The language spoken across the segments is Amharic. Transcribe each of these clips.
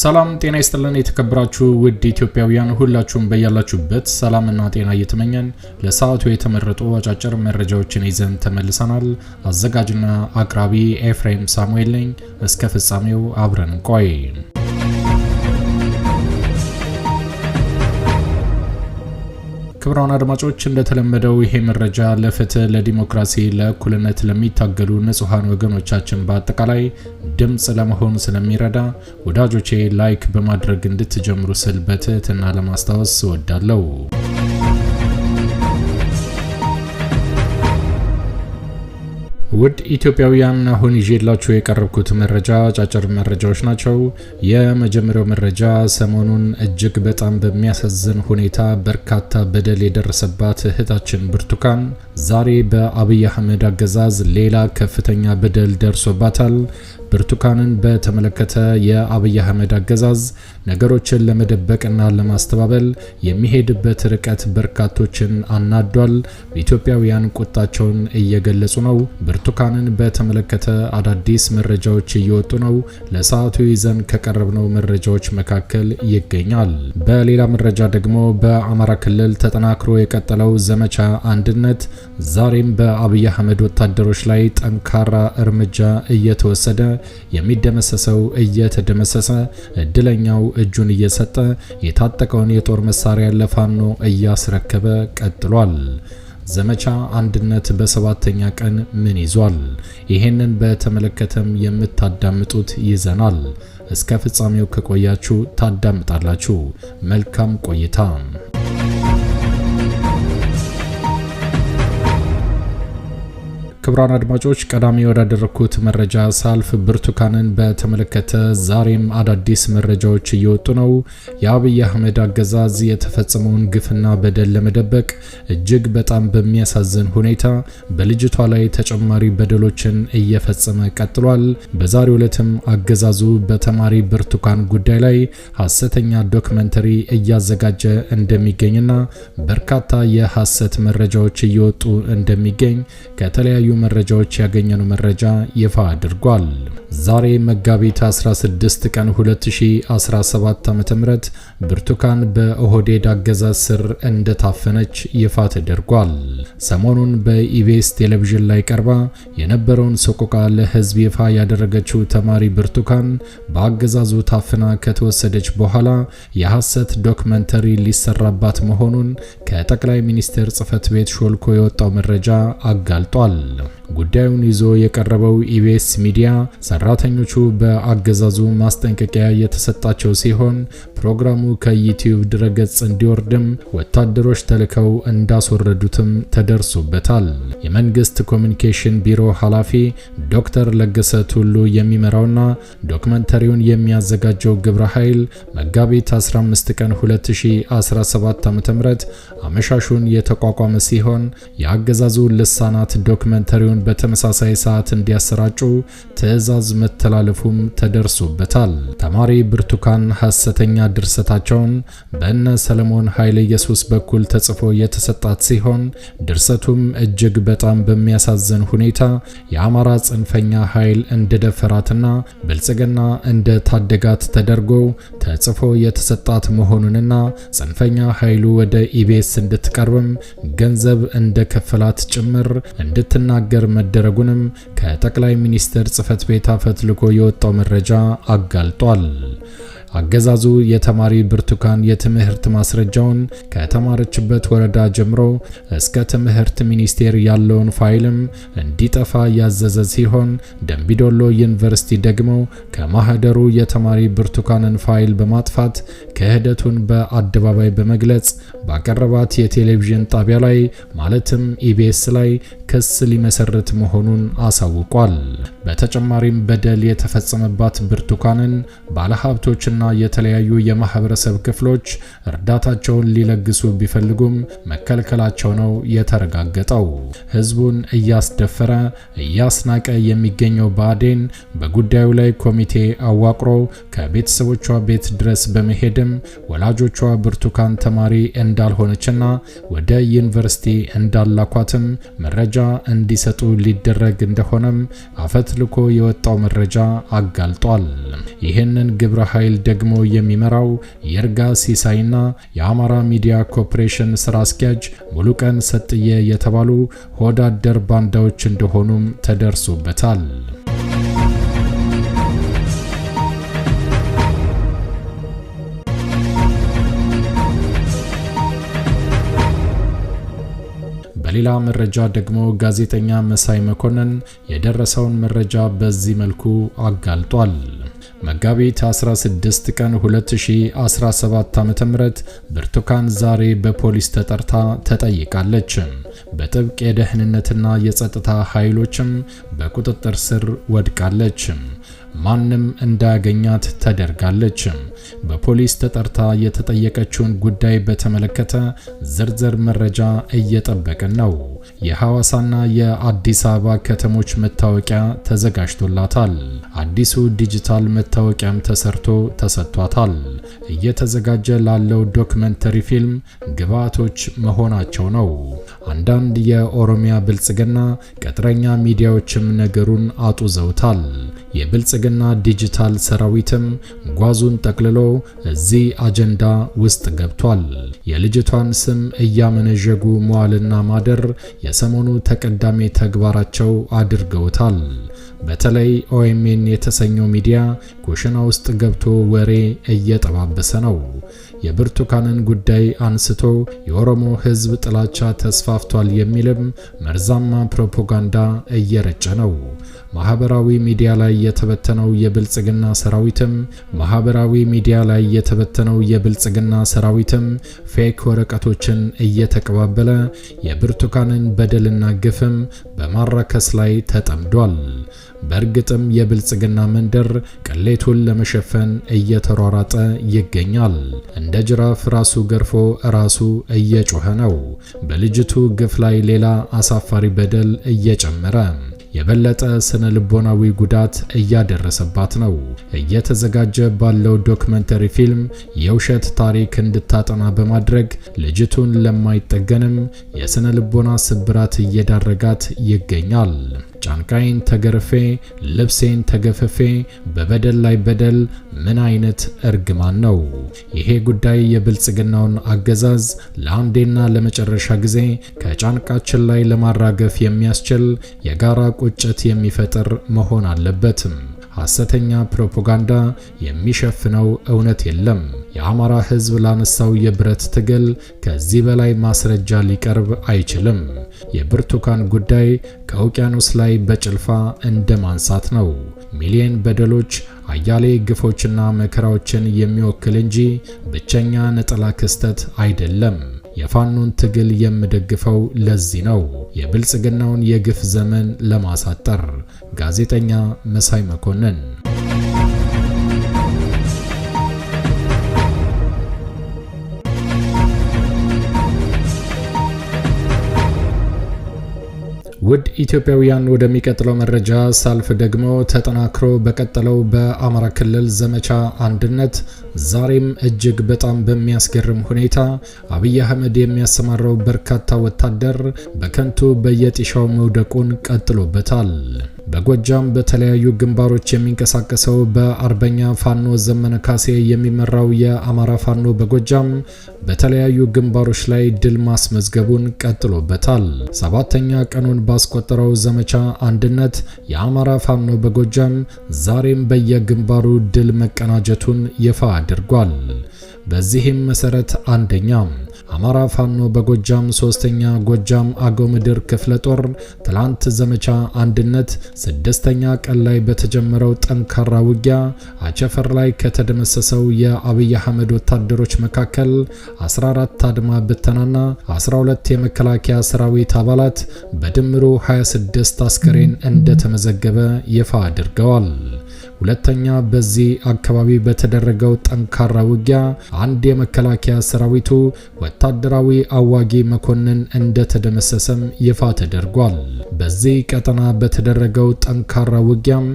ሰላም ጤና ይስጥልን። የተከበራችሁ ውድ ኢትዮጵያውያን ሁላችሁም በያላችሁበት ሰላምና ጤና እየተመኘን ለሰዓቱ የተመረጡ አጫጭር መረጃዎችን ይዘን ተመልሰናል። አዘጋጅና አቅራቢ ኤፍሬም ሳሙኤል ነኝ። እስከ ፍጻሜው አብረን ቆይ ክብራውን አድማጮች እንደተለመደው ይሄ መረጃ ለፍትህ፣ ለዲሞክራሲ፣ ለእኩልነት ለሚታገሉ ንጹሐን ወገኖቻችን በአጠቃላይ ድምፅ ለመሆን ስለሚረዳ ወዳጆቼ ላይክ በማድረግ እንድትጀምሩ ስል በትህትና ለማስታወስ እወዳለሁ። ውድ ኢትዮጵያውያን አሁን ይዤላችሁ የቀረብኩት መረጃ አጫጭር መረጃዎች ናቸው። የመጀመሪያው መረጃ ሰሞኑን እጅግ በጣም በሚያሳዝን ሁኔታ በርካታ በደል የደረሰባት እህታችን ብርቱካን ዛሬ በአብይ አህመድ አገዛዝ ሌላ ከፍተኛ በደል ደርሶባታል። ብርቱካንን በተመለከተ የአብይ አህመድ አገዛዝ ነገሮችን ለመደበቅና ለማስተባበል የሚሄድበት ርቀት በርካቶችን አናዷል። ኢትዮጵያውያን ቁጣቸውን እየገለጹ ነው። ብርቱካንን በተመለከተ አዳዲስ መረጃዎች እየወጡ ነው። ለሰዓቱ ይዘን ከቀረብነው መረጃዎች መካከል ይገኛል። በሌላ መረጃ ደግሞ በአማራ ክልል ተጠናክሮ የቀጠለው ዘመቻ አንድነት ዛሬም በአብይ አህመድ ወታደሮች ላይ ጠንካራ እርምጃ እየተወሰደ የሚደመሰሰው እየተደመሰሰ እድለኛው እጁን እየሰጠ የታጠቀውን የጦር መሳሪያ ለፋኖ እያስረከበ ቀጥሏል። ዘመቻ አንድነት በሰባተኛ ቀን ምን ይዟል? ይሄንን በተመለከተም የምታዳምጡት ይዘናል። እስከ ፍጻሜው ከቆያችሁ ታዳምጣላችሁ። መልካም ቆይታ ክቡራን አድማጮች ቀዳሚ ወዳደረግኩት መረጃ ሳልፍ ብርቱካንን በተመለከተ ዛሬም አዳዲስ መረጃዎች እየወጡ ነው። የአብይ አህመድ አገዛዝ የተፈጸመውን ግፍና በደል ለመደበቅ እጅግ በጣም በሚያሳዝን ሁኔታ በልጅቷ ላይ ተጨማሪ በደሎችን እየፈጸመ ቀጥሏል። በዛሬው ዕለትም አገዛዙ በተማሪ ብርቱካን ጉዳይ ላይ ሐሰተኛ ዶክመንተሪ እያዘጋጀ እንደሚገኝና በርካታ የሐሰት መረጃዎች እየወጡ እንደሚገኝ ከተለያዩ መረጃዎች ያገኘነው መረጃ ይፋ አድርጓል። ዛሬ መጋቢት 16 ቀን 2017 ዓ ም ብርቱካን በኦህዴድ አገዛዝ ስር እንደታፈነች ይፋ ተደርጓል። ሰሞኑን በኢቢኤስ ቴሌቪዥን ላይ ቀርባ የነበረውን ሰቆቃ ለህዝብ ይፋ ያደረገችው ተማሪ ብርቱካን በአገዛዙ ታፍና ከተወሰደች በኋላ የሐሰት ዶክመንተሪ ሊሰራባት መሆኑን ከጠቅላይ ሚኒስቴር ጽህፈት ቤት ሾልኮ የወጣው መረጃ አጋልጧል። ጉዳዩን ይዞ የቀረበው ኢቢኤስ ሚዲያ ሰራተኞቹ በአገዛዙ ማስጠንቀቂያ የተሰጣቸው ሲሆን ፕሮግራሙ ከዩቲዩብ ድረገጽ እንዲወርድም ወታደሮች ተልከው እንዳስወረዱትም ተደርሶበታል። የመንግስት ኮሚኒኬሽን ቢሮ ኃላፊ ዶክተር ለገሰ ቱሉ የሚመራውና ዶክመንተሪውን የሚያዘጋጀው ግብረ ኃይል መጋቢት 15 ቀን 2017 ዓ.ም አመሻሹን የተቋቋመ ሲሆን የአገዛዙ ልሳናት ዶክመንተሪውን በተመሳሳይ ሰዓት እንዲያሰራጩ ትዕዛዝ መተላለፉም ተደርሶበታል። ተማሪ ብርቱካን ሐሰተኛ ድርሰታቸውን በእነ ሰለሞን ኃይለ ኢየሱስ በኩል ተጽፎ የተሰጣት ሲሆን ድርሰቱም እጅግ በጣም በሚያሳዝን ሁኔታ የአማራ ጽንፈኛ ኃይል እንደደፈራትና ብልጽግና እንደ ታደጋት ተደርጎ ተጽፎ የተሰጣት መሆኑንና ጽንፈኛ ኃይሉ ወደ ኢቢኤስ እንድትቀርብም ገንዘብ እንደ እንደከፈላት ጭምር እንድትናገር መደረጉንም ከጠቅላይ ሚኒስትር ጽህፈት ቤት አፈትልኮ የወጣው መረጃ አጋልጧል። አገዛዙ የተማሪ ብርቱካን የትምህርት ማስረጃውን ከተማረችበት ወረዳ ጀምሮ እስከ ትምህርት ሚኒስቴር ያለውን ፋይልም እንዲጠፋ ያዘዘ ሲሆን ደምቢዶሎ ዩኒቨርሲቲ ደግሞ ከማህደሩ የተማሪ ብርቱካንን ፋይል በማጥፋት ክህደቱን በአደባባይ በመግለጽ ባቀረባት የቴሌቪዥን ጣቢያ ላይ ማለትም ኢቢኤስ ላይ ክስ ሊመሰርት መሆኑን አሳውቋል። በተጨማሪም በደል የተፈጸመባት ብርቱካንን ባለሀብቶችን እና የተለያዩ የማህበረሰብ ክፍሎች እርዳታቸውን ሊለግሱ ቢፈልጉም መከልከላቸው ነው የተረጋገጠው። ህዝቡን እያስደፈረ እያስናቀ የሚገኘው ባዴን በጉዳዩ ላይ ኮሚቴ አዋቅሮ ከቤተሰቦቿ ቤት ድረስ በመሄድም ወላጆቿ ብርቱካን ተማሪ እንዳልሆነችና ወደ ዩኒቨርሲቲ እንዳላኳትም መረጃ እንዲሰጡ ሊደረግ እንደሆነም አፈትልኮ የወጣው መረጃ አጋልጧል። ይህንን ግብረ ኃይል ደግሞ የሚመራው የእርጋ ሲሳይና የአማራ ሚዲያ ኮርፖሬሽን ስራ አስኪያጅ ሙሉቀን ሰጥዬ የተባሉ ሆዳደር ባንዳዎች እንደሆኑም ተደርሶበታል። በሌላ መረጃ ደግሞ ጋዜጠኛ መሳይ መኮንን የደረሰውን መረጃ በዚህ መልኩ አጋልጧል። መጋቢት 16 ቀን 2017 ዓ.ም ብርቱካን ዛሬ በፖሊስ ተጠርታ ተጠይቃለች። በጥብቅ የደህንነትና የጸጥታ ኃይሎችም በቁጥጥር ስር ወድቃለች። ማንም እንዳያገኛት ተደርጋለች። በፖሊስ ተጠርታ የተጠየቀችውን ጉዳይ በተመለከተ ዝርዝር መረጃ እየጠበቅን ነው። የሐዋሳና የአዲስ አበባ ከተሞች መታወቂያ ተዘጋጅቶላታል። አዲሱ ዲጂታል መታወቂያም ተሰርቶ ተሰጥቷታል። እየተዘጋጀ ላለው ዶክመንተሪ ፊልም ግብአቶች መሆናቸው ነው። አንዳንድ የኦሮሚያ ብልጽግና ቅጥረኛ ሚዲያዎችም ነገሩን ዘውታል የብልጽ የብልጽግና ዲጂታል ሰራዊትም ጓዙን ጠቅልሎ እዚህ አጀንዳ ውስጥ ገብቷል። የልጅቷን ስም እያመነዠጉ መዋልና ማደር የሰሞኑ ተቀዳሚ ተግባራቸው አድርገውታል። በተለይ ኦኤምኤን የተሰኘው ሚዲያ ኩሽና ውስጥ ገብቶ ወሬ እየጠባበሰ ነው። የብርቱካንን ጉዳይ አንስቶ የኦሮሞ ህዝብ ጥላቻ ተስፋፍቷል የሚልም መርዛማ ፕሮፓጋንዳ እየረጨ ነው። ማህበራዊ ሚዲያ ላይ የተበተነው የብልጽግና ሰራዊትም ማህበራዊ ሚዲያ ላይ የተበተነው የብልጽግና ሰራዊትም ፌክ ወረቀቶችን እየተቀባበለ የብርቱካንን በደልና ግፍም በማራከስ ላይ ተጠምዷል። በእርግጥም የብልጽግና መንደር ቅሌቱን ለመሸፈን እየተሯራጠ ይገኛል። እንደ ጅራፍ ራሱ ገርፎ ራሱ እየጮኸ ነው። በልጅቱ ግፍ ላይ ሌላ አሳፋሪ በደል እየጨመረ የበለጠ ስነ ልቦናዊ ጉዳት እያደረሰባት ነው። እየተዘጋጀ ባለው ዶክመንተሪ ፊልም የውሸት ታሪክ እንድታጠና በማድረግ ልጅቱን ለማይጠገንም የስነ ልቦና ስብራት እየዳረጋት ይገኛል። ጫንቃዬን ተገርፌ ልብሴን ተገፈፌ በበደል ላይ በደል ምን አይነት እርግማን ነው? ይሄ ጉዳይ የብልጽግናውን አገዛዝ ለአንዴና ለመጨረሻ ጊዜ ከጫንቃችን ላይ ለማራገፍ የሚያስችል የጋራ ቁጭት የሚፈጥር መሆን አለበትም። ሐሰተኛ ፕሮፓጋንዳ የሚሸፍነው እውነት የለም። የአማራ ሕዝብ ላነሳው የብረት ትግል ከዚህ በላይ ማስረጃ ሊቀርብ አይችልም። የብርቱካን ጉዳይ ከውቅያኖስ ላይ በጭልፋ እንደ ማንሳት ነው። ሚሊየን በደሎች፣ አያሌ ግፎችና መከራዎችን የሚወክል እንጂ ብቸኛ ነጠላ ክስተት አይደለም። የፋኖን ትግል የምደግፈው ለዚህ ነው። የብልጽግናውን የግፍ ዘመን ለማሳጠር። ጋዜጠኛ መሳይ መኮንን ውድ ኢትዮጵያውያን ወደሚቀጥለው መረጃ ሳልፍ ደግሞ ተጠናክሮ በቀጠለው በአማራ ክልል ዘመቻ አንድነት ዛሬም እጅግ በጣም በሚያስገርም ሁኔታ አብይ አህመድ የሚያሰማራው በርካታ ወታደር በከንቱ በየጢሻው መውደቁን ቀጥሎበታል። በጎጃም በተለያዩ ግንባሮች የሚንቀሳቀሰው በአርበኛ ፋኖ ዘመነ ካሴ የሚመራው የአማራ ፋኖ በጎጃም በተለያዩ ግንባሮች ላይ ድል ማስመዝገቡን ቀጥሎበታል። ሰባተኛ ቀኑን ባስቆጠረው ዘመቻ አንድነት የአማራ ፋኖ በጎጃም ዛሬም በየግንባሩ ድል መቀናጀቱን ይፋ አድርጓል። በዚህም መሰረት አንደኛ አማራ ፋኖ በጎጃም ሶስተኛ ጎጃም አገው ምድር ክፍለ ጦር ትላንት ዘመቻ አንድነት ስድስተኛ ቀን ላይ በተጀመረው ጠንካራ ውጊያ አቸፈር ላይ ከተደመሰሰው የአብይ አህመድ ወታደሮች መካከል 14 አድማ ብተናና 12 የመከላከያ ሰራዊት አባላት በድምሩ 26 አስከሬን እንደተመዘገበ ይፋ አድርገዋል። ሁለተኛ በዚህ አካባቢ በተደረገው ጠንካራ ውጊያ አንድ የመከላከያ ሰራዊቱ ወታደራዊ አዋጊ መኮንን እንደተደመሰሰም ይፋ ተደርጓል። በዚህ ቀጠና በተደረገው ጠንካራ ውጊያም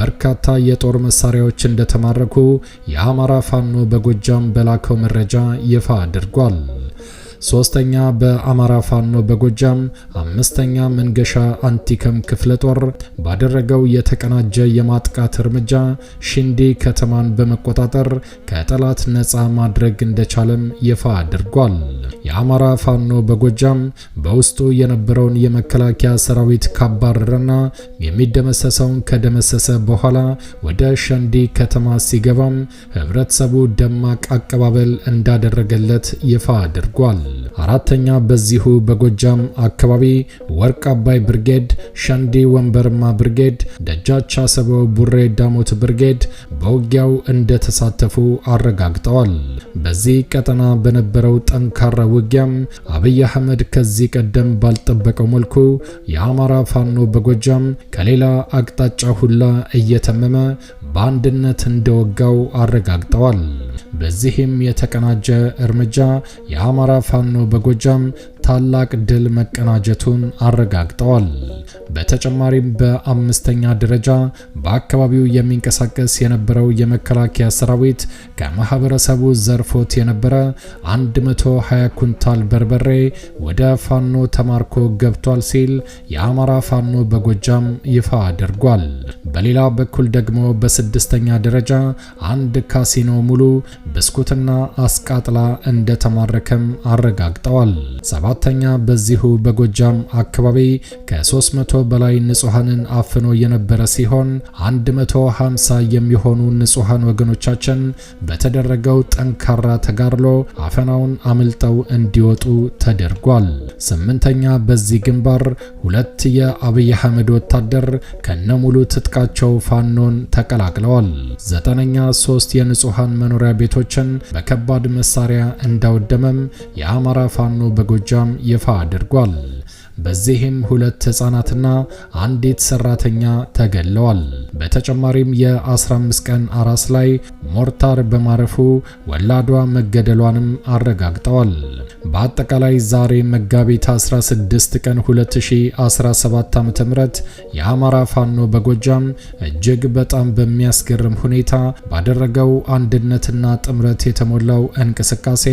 በርካታ የጦር መሳሪያዎች እንደተማረኩ የአማራ ፋኖ በጎጃም በላከው መረጃ ይፋ አድርጓል። ሶስተኛ በአማራ ፋኖ በጎጃም አምስተኛ መንገሻ አንቲከም ክፍለ ጦር ባደረገው የተቀናጀ የማጥቃት እርምጃ ሽንዲ ከተማን በመቆጣጠር ከጠላት ነፃ ማድረግ እንደቻለም ይፋ አድርጓል። የአማራ ፋኖ በጎጃም በውስጡ የነበረውን የመከላከያ ሰራዊት ካባረረና የሚደመሰሰውን ከደመሰሰ በኋላ ወደ ሸንዲ ከተማ ሲገባም ህብረተሰቡ ደማቅ አቀባበል እንዳደረገለት ይፋ አድርጓል። አራተኛ በዚሁ በጎጃም አካባቢ ወርቅ አባይ ብርጌድ፣ ሸንዲ ወንበርማ ብርጌድ፣ ደጃች አሰበው ቡሬ ዳሞት ብርጌድ በውጊያው እንደተሳተፉ አረጋግጠዋል። በዚህ ቀጠና በነበረው ጠንካራ ውጊያም አብይ አህመድ ከዚህ ቀደም ባልጠበቀው መልኩ የአማራ ፋኖ በጎጃም ከሌላ አቅጣጫ ሁላ እየተመመ በአንድነት እንደወጋው አረጋግጠዋል። በዚህም የተቀናጀ እርምጃ የአማራ ፋኖ በጎጃም ታላቅ ድል መቀናጀቱን አረጋግጠዋል። በተጨማሪም በአምስተኛ ደረጃ በአካባቢው የሚንቀሳቀስ የነበረው የመከላከያ ሰራዊት ከማህበረሰቡ ዘርፎት የነበረ 120 ኩንታል በርበሬ ወደ ፋኖ ተማርኮ ገብቷል ሲል የአማራ ፋኖ በጎጃም ይፋ አድርጓል። በሌላ በኩል ደግሞ በስድስተኛ ደረጃ አንድ ካሲኖ ሙሉ ብስኩትና አስቃጥላ እንደተማረከም አረጋግጠዋል። ሰባተኛ በዚሁ በጎጃም አካባቢ ከ300 በላይ ንጹሐንን አፍኖ የነበረ ሲሆን 150 የሚሆኑ ንጹሐን ወገኖቻችን በተደረገው ጠንካራ ተጋድሎ አፈናውን አምልጠው እንዲወጡ ተደርጓል። ስምንተኛ በዚህ ግንባር ሁለት የአብይ አህመድ ወታደር ከነሙሉ ትጥቃቸው ፋኖን ተቀላቅለዋል። ዘጠነኛ ሶስት የንጹሐን መኖሪያ ቤቶችን በከባድ መሳሪያ እንዳወደመም የአማራ ፋኖ በጎጃም መረጃም ይፋ አድርጓል። በዚህም ሁለት ህጻናትና አንዲት ሰራተኛ ተገድለዋል። በተጨማሪም የ15 ቀን አራስ ላይ ሞርታር በማረፉ ወላዷ መገደሏንም አረጋግጠዋል። በአጠቃላይ ዛሬ መጋቢት 16 ቀን 2017 ዓ.ም የአማራ ፋኖ በጎጃም እጅግ በጣም በሚያስገርም ሁኔታ ባደረገው አንድነትና ጥምረት የተሞላው እንቅስቃሴ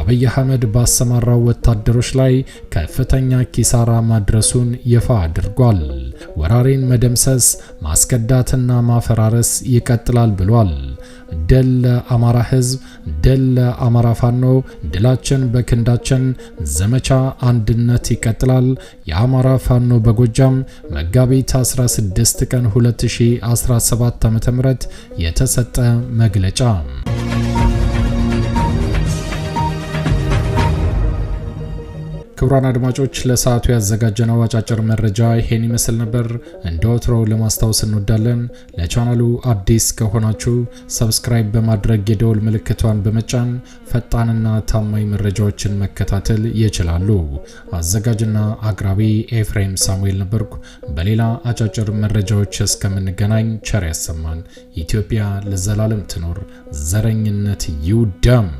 አብይ አህመድ ባሰማራው ወታደሮች ላይ ከፍተኛ ኪሳራ ኪሳራ ማድረሱን ይፋ አድርጓል። ወራሪን መደምሰስ ማስከዳትና ማፈራረስ ይቀጥላል ብሏል። ድል ለአማራ ህዝብ ድል ለአማራ ፋኖ፣ ድላችን በክንዳችን። ዘመቻ አንድነት ይቀጥላል። የአማራ ፋኖ በጎጃም መጋቢት 16 ቀን 2017 ዓ.ም የተሰጠ መግለጫ ክቡራን አድማጮች ለሰዓቱ ያዘጋጀነው አጫጭር መረጃ ይሄን ይመስል ነበር። እንደ ወትሮው ለማስታወስ እንወዳለን ለቻናሉ አዲስ ከሆናችሁ ሰብስክራይብ በማድረግ የደወል ምልክቷን በመጫን ፈጣንና ታማኝ መረጃዎችን መከታተል ይችላሉ። አዘጋጅና አቅራቢ ኤፍሬም ሳሙኤል ነበርኩ። በሌላ አጫጭር መረጃዎች እስከምንገናኝ ቸር ያሰማን። ኢትዮጵያ ለዘላለም ትኖር። ዘረኝነት ይውደም።